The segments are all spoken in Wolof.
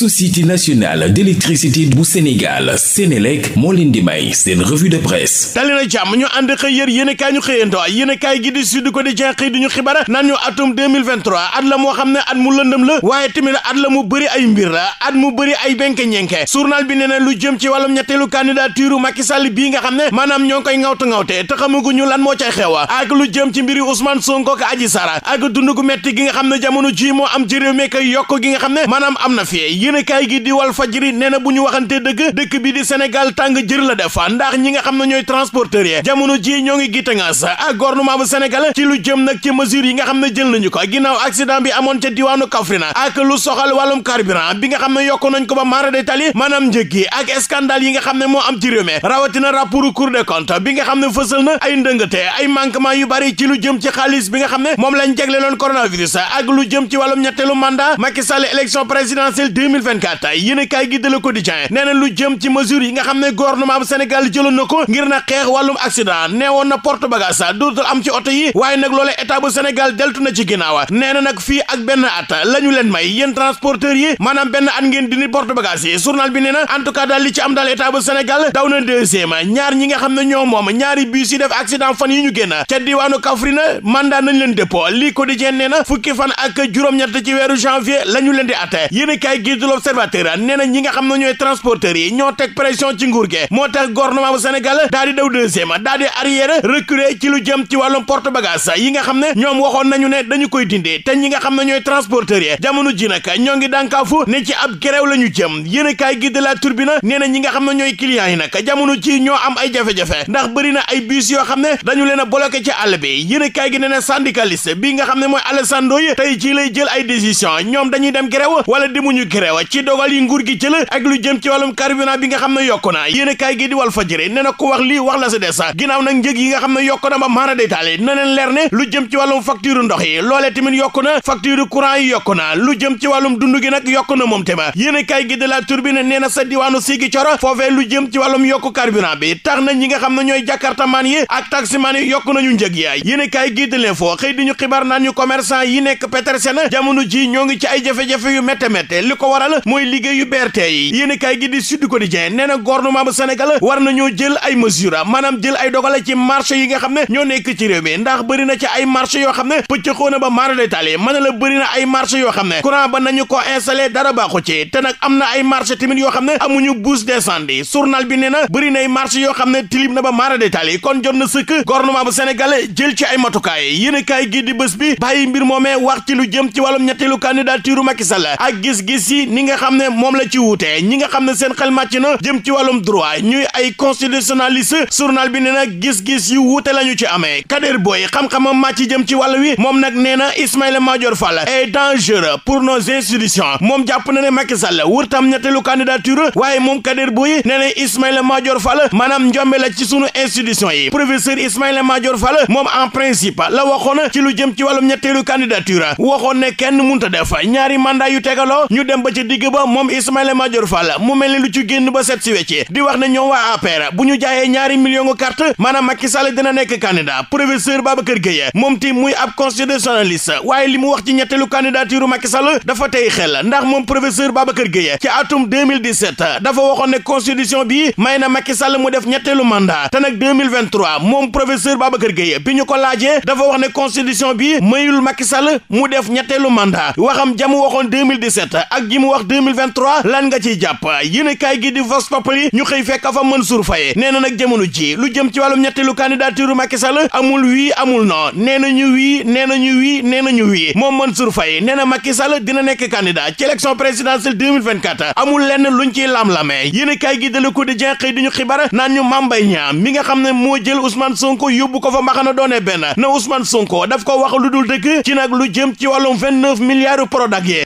société nationale d'électricité bu Sénégal Sénélec moo leen di may seen revue de presse dali na jàmm ñu ànd xëy yër yéen kaay ñu xëyanto yéen kaay gi di Sud Quotidien xëy di ñu xibaar naan ñu atum 2023 moo xam ne at mu lëndëm la waaye tamit at la mu bëri ay mbir la at mu bëri ay benke ñenke journal bi nee na lu jëm ci wàllum ñetteelu candidature Macky Sall bii nga xam ne maanaam ñoo ngi koy ŋawtu ŋawte te xamaguñu lan moo cay xewa ak lu jëm ci mbiri Ousmane Sonko ak Adji Sarr ak gi nga xam ne jamono ji moo am ci réew mi koy yokk nga xam ne maanaam am na yéenekaay gi di Walf Fadjri nee na bu ñu waxante dëgg dëkk bi di Sénégal tàng jër la def ndax ñi nga xam na ñooy transporteurs yi jamono ji ñoo ngi gittangaas ak gouvernement bu Sénégal ci lu jëm nag ci mesures yi nga xam ne jël nañu ko ginnaaw accident bi amoon ca diwaanu Kaffrine ak lu soxal wàllum carburant bi nga xam ne yokk nañ ko ba maara de tali maanaam njëg gi ak scandale yi nga xam ne moo am ci réew mi rawatina bi nga xam ne fësal na ay ndëngate ay manquement yu lu jëm ci xaalis bi nga xam 2024 yéenekaay gi de Le Quotidien nee na lu jëm ci mesures yi nga xam ne gouvernement bu Sénégal jëloon na ko ngir na xeex wàllum accident nee woon na porte bagage dootul am ci oto yi waaye nag loolee état bu deltu na ci ginnaaw nee nag fii ak benn at la ñu may yéen transporteurs yi maanaam benn at ngeen dindi porte bagage yi journal bi nee na en tout li ci am daal état bu Sénégal daw na deuxième ñaar ñi nga xam ne ñoo ñaari bus yi l'observateur nee na ñi nga xam ne ñooy transporteurs yi ñoo teg pression ci nguur gi moo tax gouvernement bu Sénégal daal di daw deuxième daal di arrière ci lu jëm ci wàllum porte bagage yi nga xam ne ñoom waxoon nañu ne dañu koy dinde te ñi nga xam ne ñooy transporteurs yi jamono ji nag ñoo ngi dànkaafu ne ci ab grève la ñu jëm yéen a kaay gi de la turbine ñi nga xam ne ñooy clients yi nag jamono ji ñoo am ay jafe-jafe ndax bëri ay bus yoo xam ne dañu leen a bloqué ci àll bi yéen a kaay nga xam ne mooy Alassane Ndoye tey ci lay jël dañuy dem grève wala ci dogal yi nguur gi jël ak lu jëm ci wàllum carburant nga xam ne yokku na yéen a kaay gi di wal fa wax lii wax la sa des ginnaaw nag njëg yi nga xam ne yokku na ba maana daytaale na leen leer ne lu jëm ci wàllum facture ndox yi loolee tamit yokku na facture courant yi yokku na lu jëm ci wàllum dund gi nag yokku na moom tamit yéen a kaay gi de la turbine nee na sa diwaanu sigi coro foofee lu jëm ci wàllum yokku carburant bi tax na ñi nga xam ne ñooy jakartamaan yaay yéen a kaay gi de l'info xëy di ñu xibaar yi nekk Petersen jamono ji ñoo ngi ci li ko war waral mooy liggéeyu BRT yi yéen kaay gi di Sud Quotidien nee na gouvernement bu Sénégal war nañoo jël ay mesures maanaam jël ay dogale ci marché yi nga xam ne ñoo nekk ci réew mi ndax bëri na ci ay marché yoo xam ne pëccëxoo na ba maara détaillé mën na la bëri ay marché yoo xam ne courant ba nañu ko installé dara baaxu ci te nag am na ay marché tamit yoo xam ne amuñu bouse d'incendie journal bi nee na bëri na ay marché yoo xam ne tilib na ba maara détaillé kon jot na sëkk gouvernement bu Sénégal jël ci ay matukaay yéen kaay gi di bés bi bàyyi mbir moomee wax ci lu jëm ci wàllum ñetteelu candidature Macky Sall ak gis-gis yi ni nga xam ne moom la ci wuutee ñi nga xam ne seen xel màcc na jëm ci wàllum droit ñuy ay constitutionnaliste journal bi nee na gis-gis yu wuute la ñu ci amee Kader Boye xam-xamam màcc jëm ci wàll wi moom nag nee na Ismaïla Madior Fall est dangereux pour nos institutions moom jàpp na ne Macky Sall wurtam ñetteelu candidature waaye moom Kader Boye nee na Ismaïla Madior Fall maanaam njombe la ci sunu institution yi professeur Ismaïla Madior Fall moom en principe la waxoon ci lu jëm ci wàllum ñetteelu candidature waxoon ne kenn munta def ñaari mandat yu tegaloo ca digg ba moom Ismaïla Madior Fall mu mel ni génn ba set si wecce di wax ne ñoom waa APR bu ñu jaayee ñaari million carte maanaam Macky Sall dina nekk candidat professeur Babacar Gueye moom ti muy ab constitutionnaliste waaye li mu wax ci ñetteelu candidature dafa tey xel ndax moom professeur Babacar Gueye ci atum 2017 dafa waxoon ne constitution bi may na Macky mu def ñetteelu mandat te nag 2023 moom professeur Babacar Gueye bi ñu ko mu wax 2023 lan nga ciy jàpp yéenekaay gi di Vox Populi ñu xëy fekk fa Mansour Faye nee na nag jamono ji lu jëm ci wàllum ñetteelu candidature Macky Sall amul wii amul non nee na ñu wii nee na ñu wii nee na ñu wii moom Mansour Faye nee na Macky Sall dina nekk candidat ci élection présidentielle 2024 amul lenn luñ ciy lam-lamee yéenekaay gi de Le Quotidien xëy di ñu xibaar naan ñu Mame Mbaye mi nga xam ne moo jël Ousmane Sonko yóbbu ko fa mbaxana doone benn na Ousmane Sonko daf ko wax lu dul dëgg ci nag lu jëm ci wàllum 29 milliards Prodac yi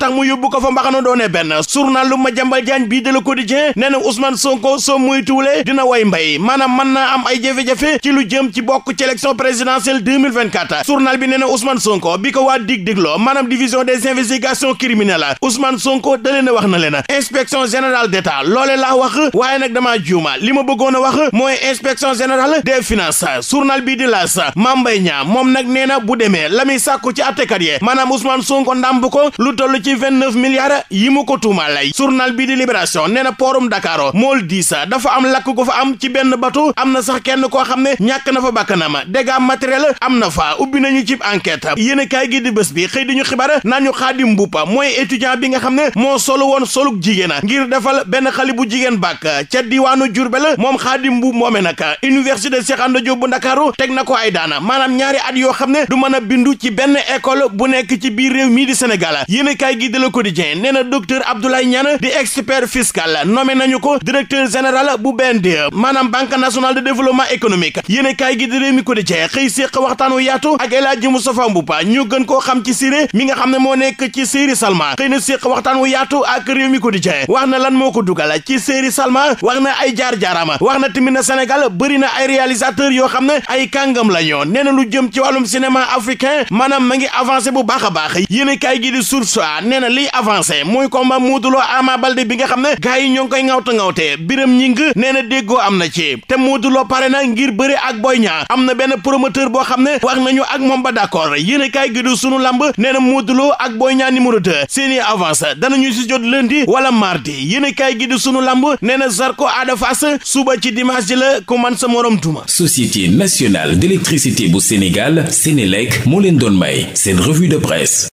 tax mu yóbbu ko mbaxana doonee benn journal lu Madiambal Diagne bii de Le Quotidien nee na Ousmane Sonko soo muy tuulee dina way mbay maanaam mën naa am ay jafe ci lu jëm ci bokk ci élection présidentielle 2024 journal bi nee na Ousmane Sonko bi ko waa dig digloo maanaam de des investigations criminelles Ousmane Sonko dalee na wax na leen inspection générale d'État loolee la wax waaye nag damaa juuma li ma bëggoon a wax mooy inspection générale des finances journal bii di laas Mambay Niang moom nag nee na bu demee la muy sàkku ci àttekat yi maanaam Ousmane Sonko ko lu toll ci 29 milliards Dakar yi mu ko tuumaal lay journal bi di Libération nee na poorum Dakar mool diisa dafa am lakk ko fa am ci benn bato am na sax kenn koo xam ne ñàkk na fa ma dégâts matériels am na fa ubbi nañu cib enquête yéen kaay gi di bés bi xëy di ñu xibaar nañu Xaadim Mboupa mooy étudiant bi nga xam ne moo solo woon solug jigéen ngir defal benn xale bu jigéen bàkk ca diwaanu Jurbel moom Xaadim Mboup moome nag université Cheikh Anta Diop bu Ndakaaru teg na ko ay daana maanaam ñaari at yoo xam ne du mën a bindu ci benn école bu nekk ci biir réew mii di Sénégal yéen gi di Le Quotidien nee na docteur Abdoulaye Niane di expert fiscal nommé ñu ko directeur général bu BND maanaam banque nationale de développement économique yéen kaay gi di mi ko di cee xëy séq waxtaan wu yaatu ak El Hadji Moustapha Mboupa ñu gën koo xam ci Siré mi nga xam ne moo nekk ci Série Salma xëy na séq waxtaan wu yaatu ak réew mi ko di cee wax na lan moo ko dugal ci Série Salma wax na ay jaar-jaarama wax na tamit na Sénégal bëri na ay réalisateur yoo xam ne ay kàngam la ñoo nee na lu jëm ci wàllum cinéma africain maanaam ma ngi avancé bu baax a baax yéen kaay gi di Source A nee na kese muy combat Modou Lo Ama Baldé bi nga xam ne gars yi ñoo ngi koy ŋawta ŋawtee biram ñi ngi nee na déggoo am na ci te Modou pare na ngir bëri ak booy Niang am na benn promoteur boo xam ne wax nañu ak moom ba d'accord yéen kaay gi du sunu lamb nee na Modou Lo ak Boy Niang numéro 2 seeni avance danañu si jot lundi wala mardi yéen kaay gi du sunu lamb nee na Zarko Ada Fass suba ci dimanche ji la ku sa morom duma Société nationale d'électricité bu Sénégal Sénélec moo leen may seen revue de presse